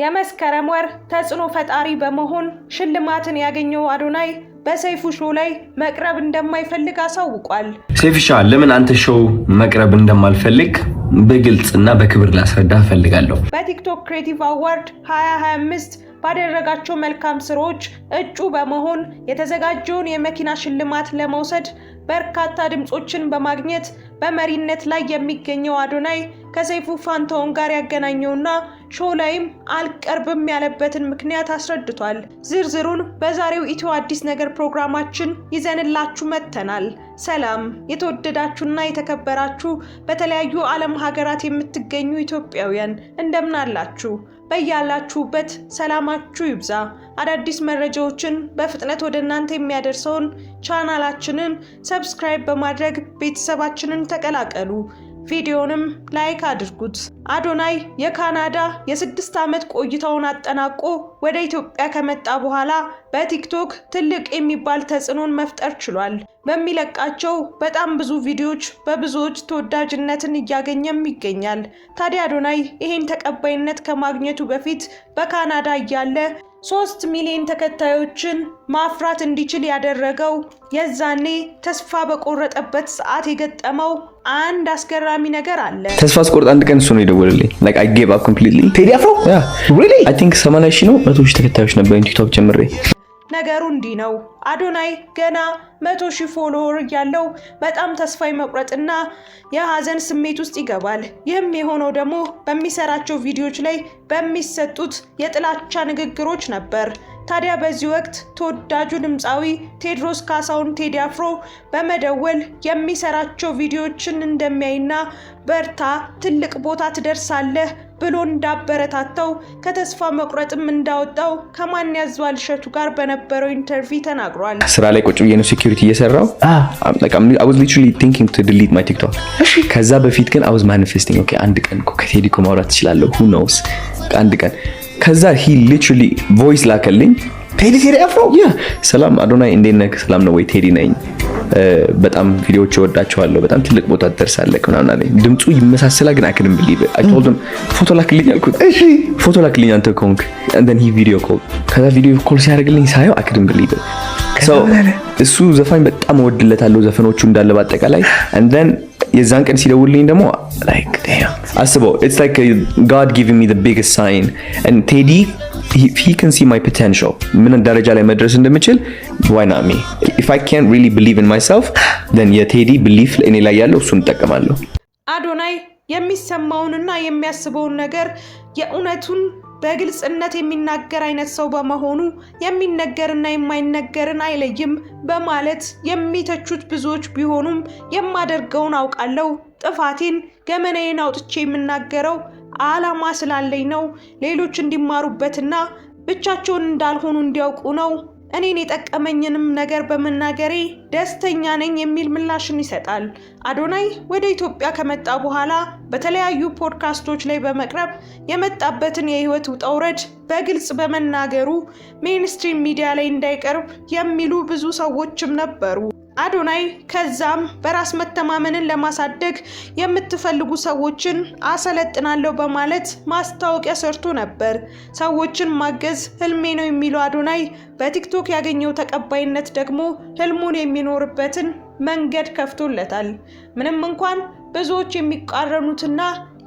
የመስከረም ወር ተጽዕኖ ፈጣሪ በመሆን ሽልማትን ያገኘው አዶናይ በሰይፉ ሾው ላይ መቅረብ እንደማይፈልግ አሳውቋል። ሰይፍሻ ለምን አንተ ሾው መቅረብ እንደማልፈልግ በግልጽ እና በክብር ላስረዳ እፈልጋለሁ። በቲክቶክ ክሬቲቭ አዋርድ 2025 ባደረጋቸው መልካም ስራዎች እጩ በመሆን የተዘጋጀውን የመኪና ሽልማት ለመውሰድ በርካታ ድምፆችን በማግኘት በመሪነት ላይ የሚገኘው አዶናይ ከሰይፉ ፋንታሁን ጋር ያገናኘውና ሾው ላይም አልቀርብም ያለበትን ምክንያት አስረድቷል። ዝርዝሩን በዛሬው ኢትዮ አዲስ ነገር ፕሮግራማችን ይዘንላችሁ መጥተናል። ሰላም የተወደዳችሁና የተከበራችሁ በተለያዩ ዓለም ሀገራት የምትገኙ ኢትዮጵያውያን እንደምን አላችሁ? በያላችሁበት ሰላማችሁ ይብዛ። አዳዲስ መረጃዎችን በፍጥነት ወደ እናንተ የሚያደርሰውን ቻናላችንን ሰብስክራይብ በማድረግ ቤተሰባችንን ተቀላቀሉ። ቪዲዮንም ላይክ አድርጉት። አዶናይ የካናዳ የስድስት ዓመት ቆይታውን አጠናቆ ወደ ኢትዮጵያ ከመጣ በኋላ በቲክቶክ ትልቅ የሚባል ተጽዕኖን መፍጠር ችሏል። በሚለቃቸው በጣም ብዙ ቪዲዮዎች በብዙዎች ተወዳጅነትን እያገኘም ይገኛል። ታዲያ አዶናይ ይህን ተቀባይነት ከማግኘቱ በፊት በካናዳ እያለ ሶስት ሚሊዮን ተከታዮችን ማፍራት እንዲችል ያደረገው የዛኔ ተስፋ በቆረጠበት ሰዓት የገጠመው አንድ አስገራሚ ነገር አለ። ተስፋ አስቆርጥ አንድ ቀን እሱ ነው የደወለልኝ። ላይክ አይ ጌቭ አፕ ኮምፕሊትሊ ቴዲ አፍሮ ሪሊ አይ ቲንክ 80 ሺህ ነው መቶ ሺህ ተከታዮች ነበር ቲክቶክ ጀምሬ ነገሩ እንዲህ ነው። አዶናይ ገና መቶ ሺህ ፎሎወር ያለው በጣም ተስፋ መቁረጥና የሀዘን ስሜት ውስጥ ይገባል። ይህም የሆነው ደግሞ በሚሰራቸው ቪዲዮዎች ላይ በሚሰጡት የጥላቻ ንግግሮች ነበር። ታዲያ በዚህ ወቅት ተወዳጁ ድምፃዊ ቴድሮስ ካሳሁን ቴዲ አፍሮ በመደወል የሚሰራቸው ቪዲዮዎችን እንደሚያይና በርታ፣ ትልቅ ቦታ ትደርሳለህ ብሎ እንዳበረታታው ከተስፋ መቁረጥም እንዳወጣው ከማን ያዘዋል እሸቱ ጋር በነበረው ኢንተርቪው ተናግሯል። ስራ ላይ ቁጭ ብዬ ነው ሴኩሪቲ እየሰራው ሊትራሊ ቲንኪንግ ቱ ዲሊት ማይ ቲክቶክ። እሺ ከዛ በፊት ግን አውዝ ማኒፌስቲንግ ኦኬ፣ አንድ ቀን ከቴዲ እኮ ማውራት እችላለሁ ሁ ኖውስ፣ አንድ ቀን ከዛ ሂ ሊትራሊ ቮይስ ላከልኝ ቴዲ ቴዲ አፍሮ ያ ሰላም አዶናይ እንዴት ነህ? ሰላም ነው ወይ ቴዲ ነኝ በጣም ቪዲዮዎች እወዳቸዋለሁ፣ በጣም ትልቅ ቦታ ትደርሳለህ ምናምን አለኝ። ድምፁ ይመሳሰላል ግን አክድም ብሊቭ አይቶልም። ፎቶ ላክልኝ አልኩት። እሺ ፎቶ ላክልኝ አንተ ከሆንክ እንደን ይህ ቪዲዮ ኮል። ከዛ ቪዲዮ ኮል ሲያደርግልኝ ሳየው አክድም ብሊቭ እሱ ዘፋኝ በጣም እወድለታለሁ ዘፈኖቹ እንዳለ በአጠቃላይ እንደን የዛን ቀን ሲደውልኝ ደግሞ አስበው ኢትስ ላይክ ጋድ ጊቪንግ ሚ ዘ ቢግስት ሳይን ቴዲ he can see my potential ምን ደረጃ ላይ መድረስ እንደምችል why not me if i can't really believe in myself then የቴዲ ቢሊፍ እኔ ላይ ያለው እሱን እጠቀማለሁ። አዶናይ የሚሰማውንና የሚያስበውን ነገር የእውነቱን በግልጽነት የሚናገር አይነት ሰው በመሆኑ የሚነገርና የማይነገርን አይለይም በማለት የሚተቹት ብዙዎች ቢሆኑም የማደርገውን አውቃለሁ፣ ጥፋቴን ገመናዬን አውጥቼ የምናገረው አላማ ስላለኝ ነው። ሌሎች እንዲማሩበትና ብቻቸውን እንዳልሆኑ እንዲያውቁ ነው። እኔን የጠቀመኝንም ነገር በመናገሬ ደስተኛ ነኝ የሚል ምላሽን ይሰጣል። አዶናይ ወደ ኢትዮጵያ ከመጣ በኋላ በተለያዩ ፖድካስቶች ላይ በመቅረብ የመጣበትን የህይወት ውጣ ውረድ በግልጽ በመናገሩ ሜንስትሪም ሚዲያ ላይ እንዳይቀርብ የሚሉ ብዙ ሰዎችም ነበሩ። አዶናይ ከዛም በራስ መተማመንን ለማሳደግ የምትፈልጉ ሰዎችን አሰለጥናለሁ በማለት ማስታወቂያ ሰርቶ ነበር። ሰዎችን ማገዝ ህልሜ ነው የሚለው አዶናይ በቲክቶክ ያገኘው ተቀባይነት ደግሞ ህልሙን የሚኖርበትን መንገድ ከፍቶለታል። ምንም እንኳን ብዙዎች የሚቃረኑትና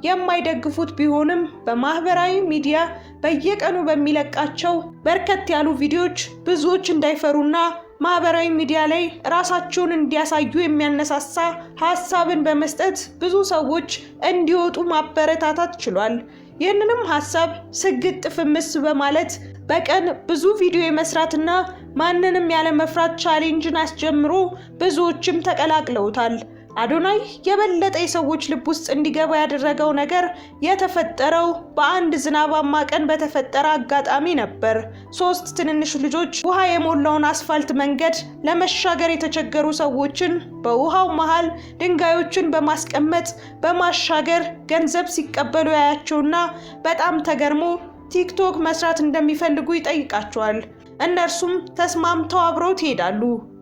የማይደግፉት ቢሆንም በማህበራዊ ሚዲያ በየቀኑ በሚለቃቸው በርከት ያሉ ቪዲዮዎች ብዙዎች እንዳይፈሩና ማህበራዊ ሚዲያ ላይ ራሳቸውን እንዲያሳዩ የሚያነሳሳ ሀሳብን በመስጠት ብዙ ሰዎች እንዲወጡ ማበረታታት ችሏል። ይህንንም ሀሳብ ስግጥ ፍምስ በማለት በቀን ብዙ ቪዲዮ የመስራትና ማንንም ያለመፍራት ቻሌንጅን አስጀምሮ ብዙዎችም ተቀላቅለውታል። አዶናይ የበለጠ የሰዎች ልብ ውስጥ እንዲገባ ያደረገው ነገር የተፈጠረው በአንድ ዝናባማ ቀን በተፈጠረ አጋጣሚ ነበር። ሶስት ትንንሽ ልጆች ውሃ የሞላውን አስፋልት መንገድ ለመሻገር የተቸገሩ ሰዎችን በውሃው መሃል ድንጋዮችን በማስቀመጥ በማሻገር ገንዘብ ሲቀበሉ ያያቸውና በጣም ተገርሞ ቲክቶክ መስራት እንደሚፈልጉ ይጠይቃቸዋል። እነርሱም ተስማምተው አብረው ይሄዳሉ።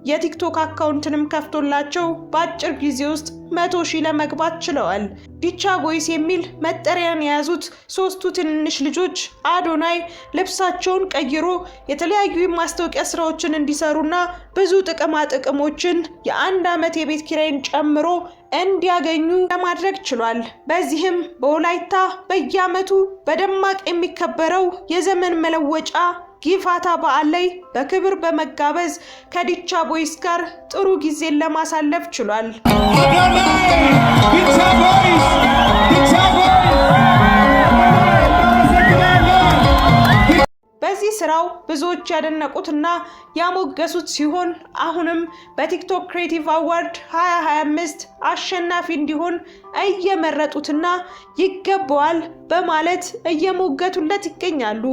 የቲክቶክ አካውንትንም ከፍቶላቸው በአጭር ጊዜ ውስጥ መቶ ሺህ ለመግባት ችለዋል። ዲቻ ጎይስ የሚል መጠሪያን የያዙት ሶስቱ ትንንሽ ልጆች አዶናይ ልብሳቸውን ቀይሮ የተለያዩ የማስታወቂያ ስራዎችን እንዲሰሩና ብዙ ጥቅማ ጥቅሞችን የአንድ ዓመት የቤት ኪራይን ጨምሮ እንዲያገኙ ለማድረግ ችሏል። በዚህም በወላይታ በየዓመቱ በደማቅ የሚከበረው የዘመን መለወጫ ጊፋታ በዓል ላይ በክብር በመጋበዝ ከዲቻ ቦይስ ጋር ጥሩ ጊዜን ለማሳለፍ ችሏል። በዚህ ስራው ብዙዎች ያደነቁትና ያሞገሱት ሲሆን አሁንም በቲክቶክ ክሬቲቭ አዋርድ 2025 አሸናፊ እንዲሆን እየመረጡትና ይገባዋል በማለት እየሞገቱለት ይገኛሉ።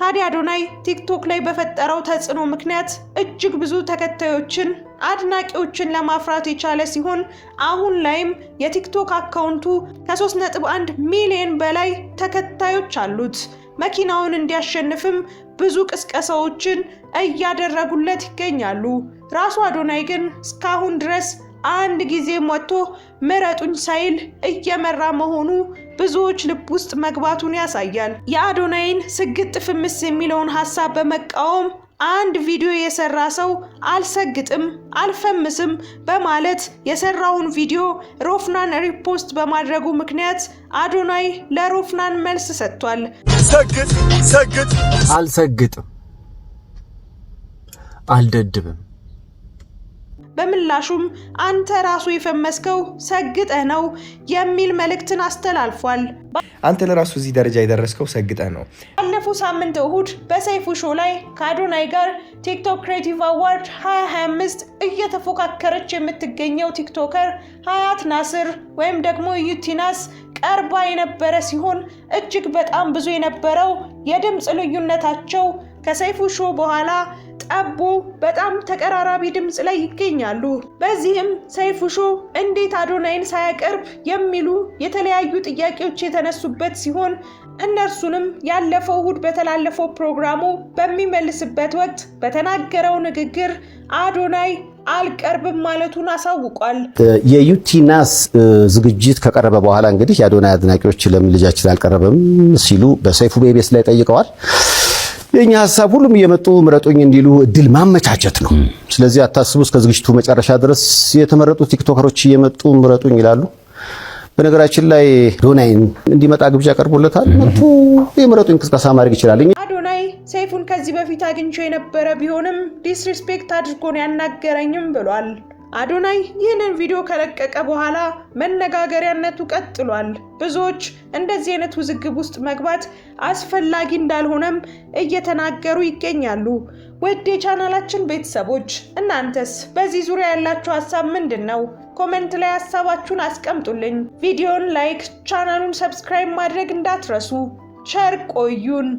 ታዲያ አዶናይ ቲክቶክ ላይ በፈጠረው ተጽዕኖ ምክንያት እጅግ ብዙ ተከታዮችን አድናቂዎችን ለማፍራት የቻለ ሲሆን አሁን ላይም የቲክቶክ አካውንቱ ከ3.1 ሚሊዮን በላይ ተከታዮች አሉት። መኪናውን እንዲያሸንፍም ብዙ ቅስቀሳዎችን እያደረጉለት ይገኛሉ። ራሱ አዶናይ ግን እስካሁን ድረስ አንድ ጊዜም ወጥቶ ምረጡኝ ሳይል እየመራ መሆኑ ብዙዎች ልብ ውስጥ መግባቱን ያሳያል። የአዶናይን ስግጥ ፍምስ የሚለውን ሀሳብ በመቃወም አንድ ቪዲዮ የሰራ ሰው አልሰግጥም አልፈምስም በማለት የሰራውን ቪዲዮ ሮፍናን ሪፖስት በማድረጉ ምክንያት አዶናይ ለሮፍናን መልስ ሰጥቷል። ሰግጥ ሰግጥ አልሰግጥም አልደድብም በምላሹም አንተ ራሱ የፈመስከው ሰግጠህ ነው የሚል መልእክትን አስተላልፏል። አንተ ለራሱ እዚህ ደረጃ የደረስከው ሰግጠህ ነው። ባለፈው ሳምንት እሁድ በሰይፉ ሾው ላይ ከአዶናይ ጋር ቲክቶክ ክሬቲቭ አዋርድ 2025 እየተፎካከረች የምትገኘው ቲክቶከር ሀያት ናስር ወይም ደግሞ ዩቲናስ ቀርባ የነበረ ሲሆን እጅግ በጣም ብዙ የነበረው የድምፅ ልዩነታቸው ከሰይፉ ሾው በኋላ ጠቦ በጣም ተቀራራቢ ድምፅ ላይ ይገኛሉ። በዚህም ሰይፉ ሾው እንዴት አዶናይን ሳያቀርብ የሚሉ የተለያዩ ጥያቄዎች የተነሱበት ሲሆን እነርሱንም ያለፈው እሁድ በተላለፈው ፕሮግራሙ በሚመልስበት ወቅት በተናገረው ንግግር አዶናይ አልቀርብም ማለቱን አሳውቋል። የዩቲናስ ዝግጅት ከቀረበ በኋላ እንግዲህ የአዶናይ አድናቂዎች ለምን ልጃችን አልቀረበም ሲሉ በሰይፉ ቤቤስ ላይ ጠይቀዋል። የእኛ ሀሳብ ሁሉም እየመጡ ምረጡኝ እንዲሉ እድል ማመቻቸት ነው። ስለዚህ አታስቡ። እስከ ዝግጅቱ መጨረሻ ድረስ የተመረጡ ቲክቶከሮች እየመጡ ምረጡኝ ይላሉ። በነገራችን ላይ አዶናይን እንዲመጣ ግብዣ ቀርቦለታል። መጡ የምረጡኝ ቅስቀሳ ማድረግ ይችላል። አዶናይ ሰይፉን ከዚህ በፊት አግኝቼው የነበረ ቢሆንም ዲስሪስፔክት አድርጎ ነው ያናገረኝም ብሏል። አዶናይ ይህንን ቪዲዮ ከለቀቀ በኋላ መነጋገሪያነቱ ቀጥሏል። ብዙዎች እንደዚህ አይነት ውዝግብ ውስጥ መግባት አስፈላጊ እንዳልሆነም እየተናገሩ ይገኛሉ። ውድ የቻናላችን ቤተሰቦች እናንተስ በዚህ ዙሪያ ያላችሁ ሀሳብ ምንድን ነው? ኮመንት ላይ ሀሳባችሁን አስቀምጡልኝ። ቪዲዮን ላይክ፣ ቻናሉን ሰብስክራይብ ማድረግ እንዳትረሱ። ቸር ቆዩን።